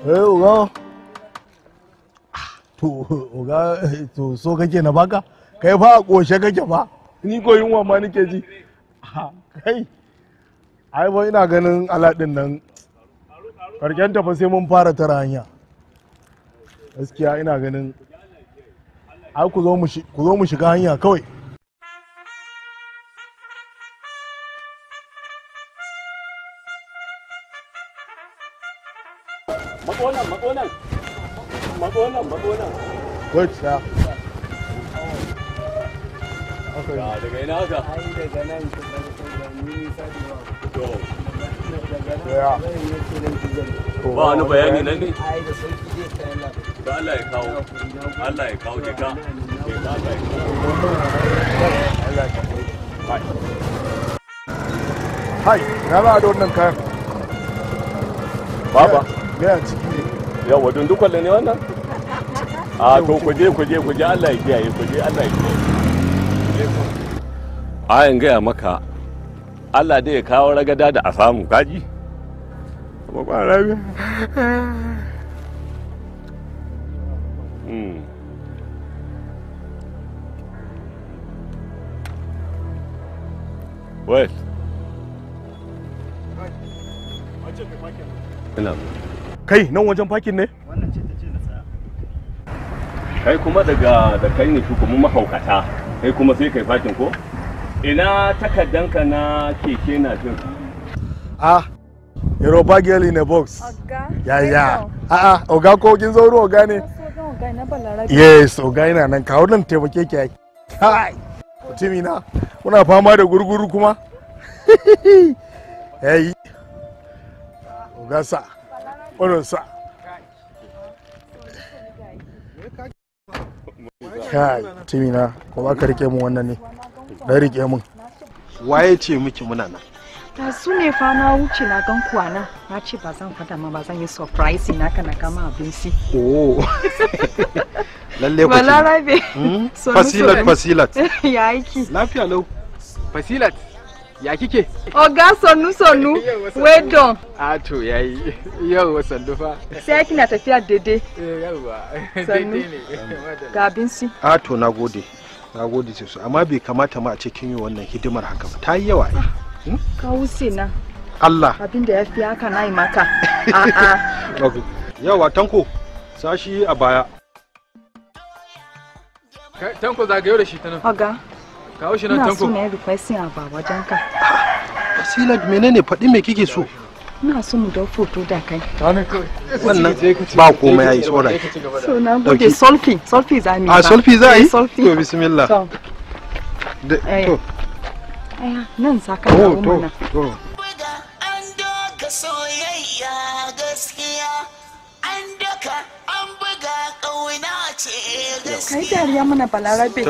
eh uga to uga to so kake na baka kai fa a koshe kake fa ni ko yunwa ma nake ji kai ai ba ina ganin aladin nan karken fa sai mun fara tara hanya gaskiya ina ganin ai ku zo mu shiga hanya kawai Good, sir. Okay. daga ina haka? Ai wani bayani da Allah. Allah Allah na wannan kayan. Baba. Me a ciki ne wannan? a to kuje kuje ku je ku je Allah ya kiyaye ku je Allah ya kiyaye a in gaya maka Allah dai ya kawo ragada da a samu kaji kuma ba rabi hmm. Wait. Kai, nan wajen fakin ne? Wannan ce kai kuma daga da kai ne shugaban mahaukata kai kuma sai kai fakin ko ina takaddanka na keke na jin ah yoruba girl in a box ya ya a'a ah, ah, oga ko kin zo oga ne yes oga ina nan kawo nan taimake ki kai mutumi na muna fama da gurguru kuma *laughs* hey oga sa wannan sa kai mutumi na ko ba ka rike mu wannan ne dan rike mun waye ce miki muna nan ta su ne fa na wuce na gan kuwa nan na ce ba zan fada ma ba zan yi surprise na kana kama abinci oh *laughs* lalle ku balarabe hmm? fasilat fasilat *laughs* ya aiki lafiya lau fasilat ya kike oga sannu sannu we don a to yayi yawa sannu fa sai kina tafiya daidai yawa sannu ga abinci a to na gode na gode amma bai kamata ma a cikin yi wannan hidimar haka ba ta yi yawa ai ah, hmm? ka wuce na Allah abin da ya fi haka na yi maka *laughs* a'a yawa tanko sashi a baya tanko zagayo da shi ta nan kawo shi nan tanko ina so requesting a ba wajen ka menene faɗi me kike so ina so mu dau foto da kai wannan ba komai yayi so rai so na gode solfi solfi za mu ah, a solfi za yi eh, to bismillah to eh. to eh, nan saka oh, da umma to an doka soyayya gaskiya an doka an buga kauna ce gaskiya kai dariya mana balarabe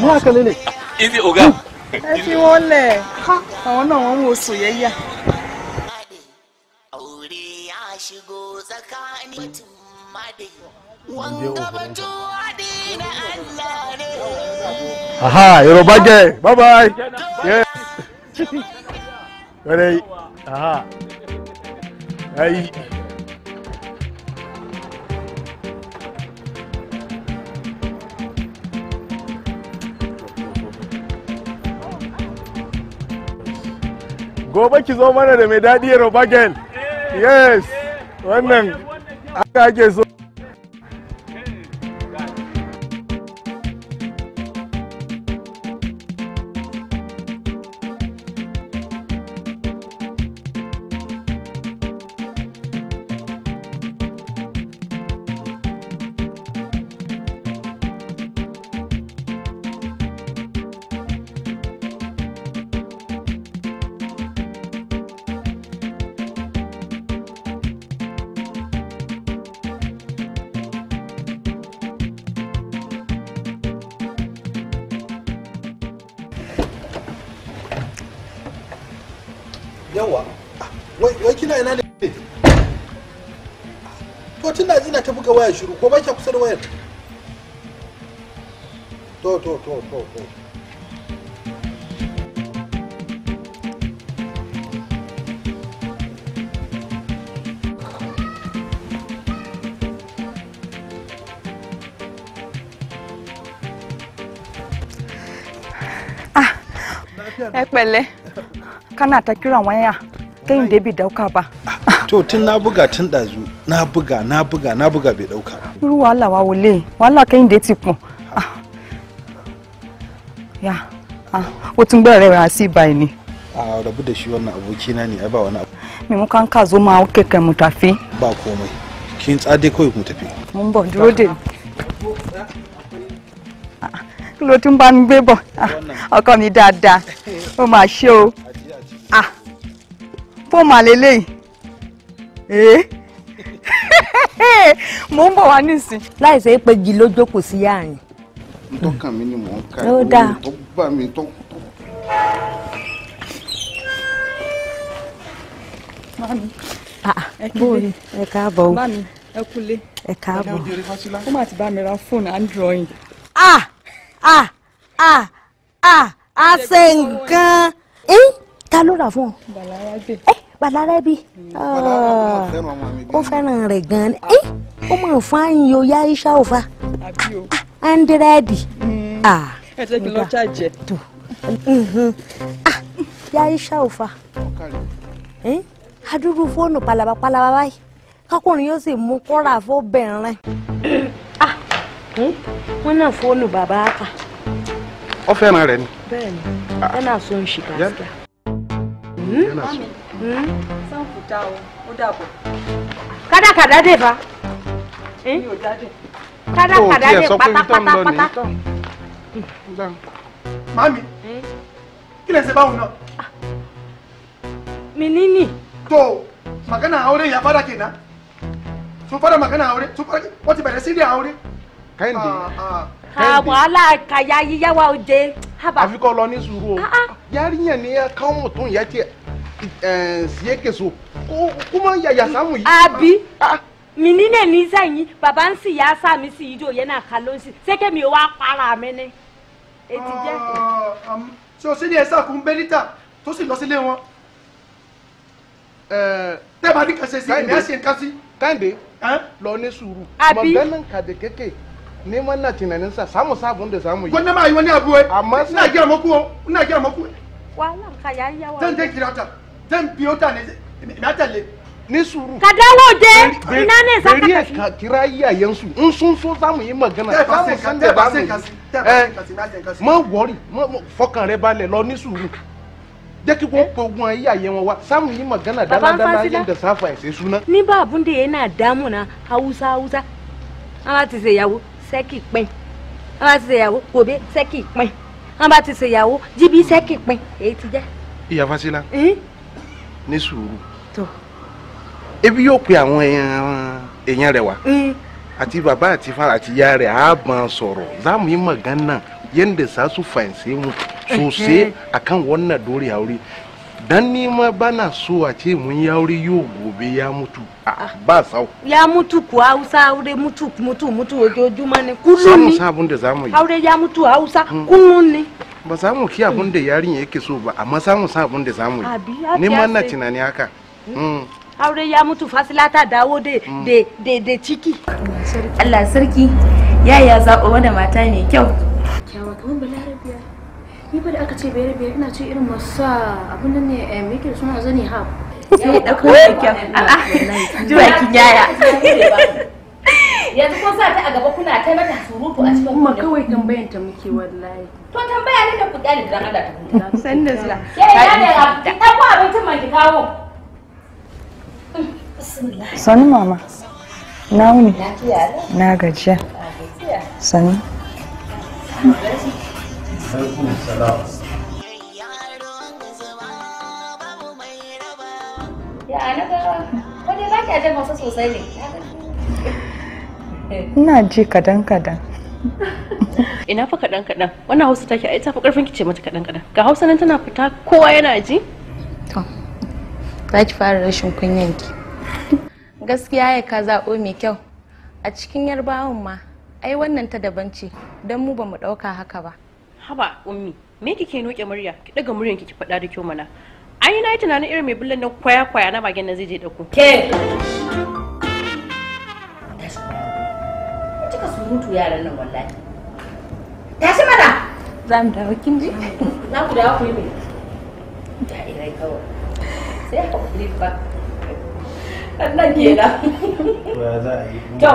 mú àkàlẹ́ lè. ibi ọ̀gá. ẹ fi wọn lẹ̀ àwọn náà wọ́n ń wo sùn yẹ́yà. aha yorùbá jẹ bye bye. Yeah. *laughs* Ready? Aha. Hey. gobe ki zo mana da mai daɗi roba yes wannan aka ake so shiru ko ba ki kusa da wayar to to to to to ẹ ah, eh, pẹ̀lẹ́ kana ta kiran waya kẹ́yìn débi dauka ba. to tun na buga tun dazu na buga na buga na buga bai dauka irú wàhálà wa wò lè wàhálà kẹ́hìndé ti pọ̀ ah. ya o ah. tún gbẹ̀rẹ̀ rà sí ibà ni. a rabu da shi wannan aboki na ne ai ba wani abu. mai mu kan ka zo ma kẹ̀kẹ́ mu tafi. ba komai kin tsade kawai mu tafi. mun bọ̀ dúró dè. Ah, kí ló tún bá ń gbé bọ̀ mi dáadáa ó mà ṣe o fóònù àlélẹ́yìn. mo ń bọ̀ wá nísìn. láìsẹ̀ péjì ló jókòó sí yáàrin. n tó kàn mí ni mò ń ka ìwé tó bá mi tó. Mami. Ah, ah, ẹ káàbọ̀ o. Mami ẹ kúlé. Ẹ káàbọ̀. Ó mà ti bá mi ra fóònù Android. Ah! Ah! Ah! Ah! A ṣe nǹkan. Ẹ́ eh, ta ló rà fún ọ? Bàlá wá gbé. Eh, balarabi mm. ó fẹ́ràn rẹ̀ gan-an ni eh, ó mọ̀ fún àyìn o ah, mm. ah, mm-hmm. ah, yá iṣẹ́ òfa andrẹ́ẹ̀dì. ẹ eh, tẹ́ kí lọ́ọ́ ṣàjẹ́. yá iṣẹ́ òfa adúrú fóònù palaba palaba báyìí kákùnrin yóò sì mú kọ́ra fóbìnrin *coughs* eh, wọ́n náà fóònù bàbá àkà. ọ fẹ́ràn rẹ ni. bẹ́ẹ̀ni ẹ náà sọ ń ṣe kàṣíkà. Hmm? sáǹpù dá o ó dàbọ̀. kádàkàdà dé bá. Hmm? mi ò dá oh, dé. kádàkàdà dé mami kí lè ṣe báwọn náà. menene. to magana aure ya fara kenan sun fara magana aure sun fara wata bẹ̀rẹ̀ sí ilé aure. kayan de. ka wàhálà kàyà yíyáwá òde. àfikọ́ lọ ní sùúrù o ah, ah. yàrá yẹn ni káwọn tó ń yẹ tiẹ̀ siyekeso kuma yaya samu yi. abi ah, ah. mini ne ni sẹ́yìn baba ń sì yá sá mi sí ijó yẹn náà ká ló ń sì sékè mi ò wá para mi ni. ètí jẹ́. Ah, um, ṣé o ṣe ní ẹ̀sà kún bẹ́lítà tó sì lọ sílé wọn. Eh, tẹ́ẹ̀bà ní kàṣẹ sí ìmí àṣẹ nǹkan sí. kẹ́hìndé lọ ní sùúrù mọ̀ bẹ́ẹ̀ náà kàdé kékè neman na tunanin sa samu sabon da samu yi gwanda ma yi wani abu wai amma ina gina maku ina gina maku wahala ka yayi yawa zan ta tẹ́ǹpì ó tà ní èmi àtẹ̀lé ní sùúrù. kàdáwò jẹ iná ní ìsàkàtà sí. bẹ̀rẹ̀ ẹ̀ka kira yí àyẹ̀ ń sùn ń sún fún sáwọn yìí mọ̀ gánà. tẹ́ẹ̀fà sí kan tẹ́ẹ̀fà sí kan sí tẹ́ẹ̀fà sí kan sí. mọ wọrí fọkàn rẹ balẹ̀ lọ ní sùúrù jẹ́ kí wọ́n pogun ayé àyẹ̀ wọn wá sáwọn yìí mọ̀ gánà dáradára yé ń dẹ̀sáfà ẹ̀sẹ̀ súná. ní bá àbúndé yẹn náà dáàmú na haúsá haúsá wọn bá ti ṣe ìyàwó sẹ́kì pẹ́ẹ́n wọn bá ti ṣe ìyàwó kòbé sẹ́kì pẹ́ẹ́n wọn bá ti ṣe ìyàwó jíbí sẹ́kì pẹ́ẹ́n èyí ti jẹ́. ìyá Fasila ní sùúrù ebi yóò pe àwọn èèyàn rẹ wá àti bàbá àti fara àti ìyá rẹ á bọ̀ sọ̀rọ̀ láàmú yìí mọ̀ gánà yẹ́ndẹ̀ sásù fàǹsẹ̀ mu sòsè àkànwọ́n náà dórí àwòrán dan nima bana so a ce mun ya wuri yau gobe ya mutu ba sau ya mutu ku hausa aure mutu mutu mutu ojoojúmọ́ ni kullum ni samun sabon da zamu yi aure ya mutu hausa kullum ni ba za mu ki abin da yarin yake so ba amma za mu sa abin da za mu yi ni ma na tunani haka aure ya mutu fasila ta dawo da da da ciki Allah sarki yaya zaɓo wani mata ne kyau kyawa kamar balarabiya ni ba da aka ce bayarabiya ina ce irin masu sa abin nan ne me kyau suna zani ha sai ya ɗauko kyau a'a jiwa kin yaya yanzu ko sa ta a gaba kuna ta mata surutu a cikin kuma kawai tambayan ta muke wallahi to tambaya ne da ku kyale da Allah ta huta *laughs* san da zuwa ke ya ne ta ku abincin man ki kawo sani mama na wuni na gajiya sani Ya, na ga wani za ki a jan sosai ne. ina ji kadan kadan *laughs* ina fa kadan kadan wannan hausa take ai ta fa karfin kice mata kadan kadan ga hausa nan tana fita kowa yana ji to za ki fara rashin kunyan ki gaskiya ya ka zaɓo mai kyau a cikin yarbawan ma ai wannan ta daban ce don mu ba mu ɗauka haka ba haba ummi me kike noke murya ki ɗaga muryan ki ki faɗa da kyau mana ai na yi tunanin irin mai bullan na kwaya kwaya na magen nan zai je ɗauko ke mutu yaran nan wallahi tashi mana za mu dawo kin ji na ku dawo ku yi me da irai kawai sai hakuri fa annan da to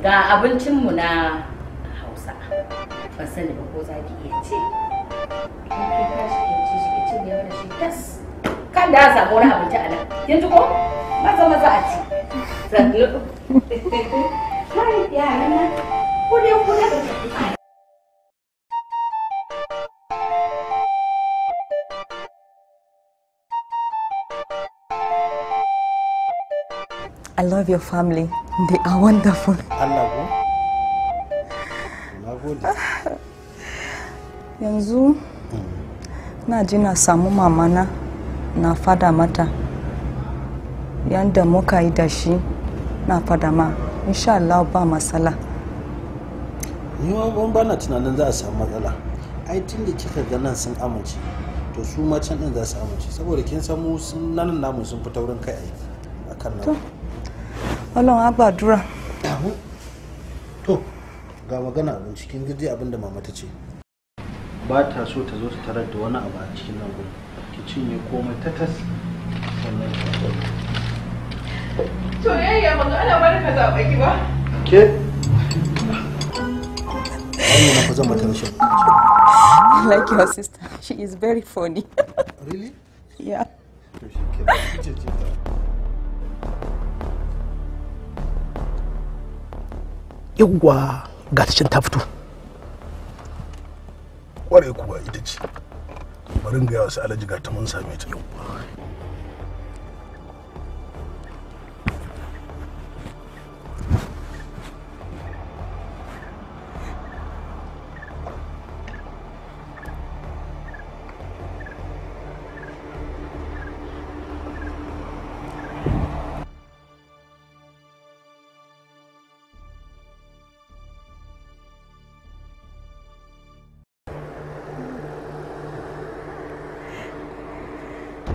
ga abincin mu na Hausa ban sani ba ko za ki iya ci kan da samu wani abinci a nan yanzu ko maza maza a ci sannu *laughs* mari yara na I love your family. They are wonderful. Allah ko? Yanzu na ji na samu mamana na fada mata. Yanda muka yi da shi na fada ma. Insha Allah ba masala. ni ba na tunanin za a samu matsala ai tun da kika ga nan sun amince to su ma can din za su amince saboda kin san mu sun nan namu sun fi taurin kai ai akan nan Ọlọ́run ba gbàdúrà to ga magana abinci cikin gaji abin da mama ta ce ba ta so ta zo ta tarar da wani abu a cikin nan gurin ki cinye komai ta tas sannan to yayya magana ka zaba ki ba ke wannan na like your sister. She is very funny. *laughs* really? Yeah. Yawwa ga ta ta fito. kuwa ita ce. Bari ga wasu alaji ga ta mun same ta.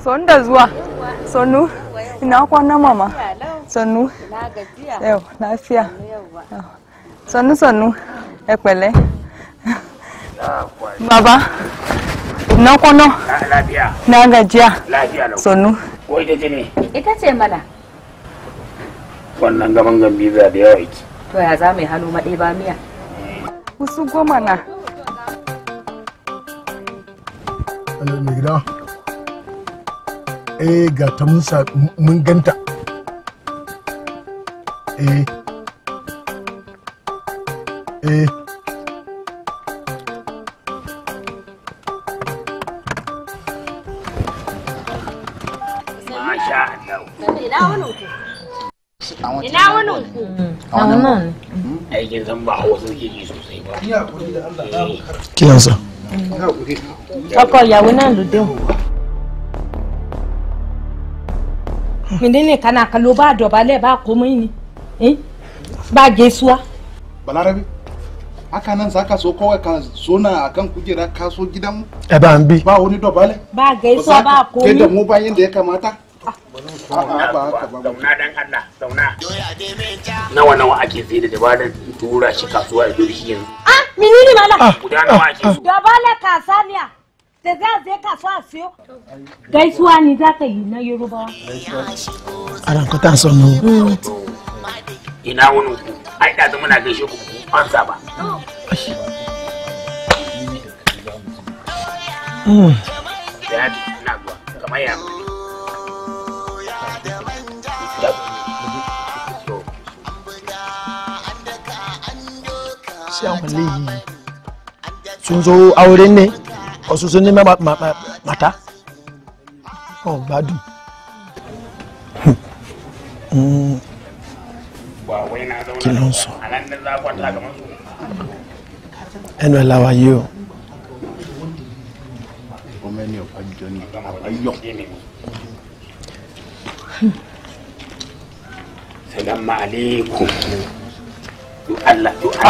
son da zuwa sonu ina kwana mama sonu yau lafiya sannu sonu ẹ pẹ̀lẹ́ baba ina kwana na gajiya sonu ita ce mana wannan gaban gambi za da yawa yake to ya za mai hannu maɗe ba miya wasu goma na eh ga ta mun ganta eh eh Ina wani ku? A wannan. Hmm. Aikin zan ba wasu ke yi sosai ba. Kiyansa. Eh. Kakwa ya wani ludin. menene kana kallo ba dobale ba komai ne eh ba gaisuwa balarabe haka nan za ka so kawai ka zona a kan kujera ka so gidan mu e ba an bi ba wani dobale ba gaisuwa ba komai da mu bayan da ya kamata ah. zauna dan Allah zauna nawa nawa ake da dabarar tura shi kasuwa da shi yanzu ah menene mana. Ah, guda nawa ah, ake dabala da za a je kasuwa siyo gaisuwa ne za ta yi na yoruba a ranka ta son mu mm. ina wani ku ai da muna gaishe ku mm. an saba ya na Sun zo auren ne? ọ̀ṣunṣun ní màtá ọ̀ gbádùn. Hmm. kí ló ń sọ ẹnu ẹ̀ làwa yìí o. ọmọ ẹni ọ̀pá jọ ni àbáyọ. salamu alaikum.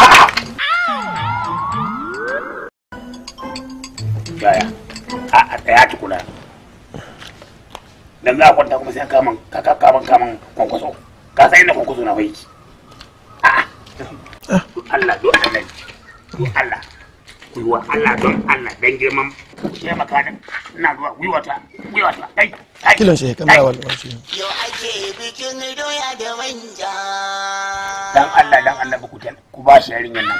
Ah! yaya a a tsaya tukuna dan za a kwanta kuma sai kaman kaka kaman kaman kwankwaso ka sai inda kwankwaso na baiki a a ah. Allah do Allah do Allah gwiwa Allah don Allah dan girman taimaka makanin ina zuwa gwiwa ta gwiwa ta kai kilon shi kan bawa alwashi yo ake bikin doya da wanja dan Allah dan Allah ku ku ba shi yarinyar nan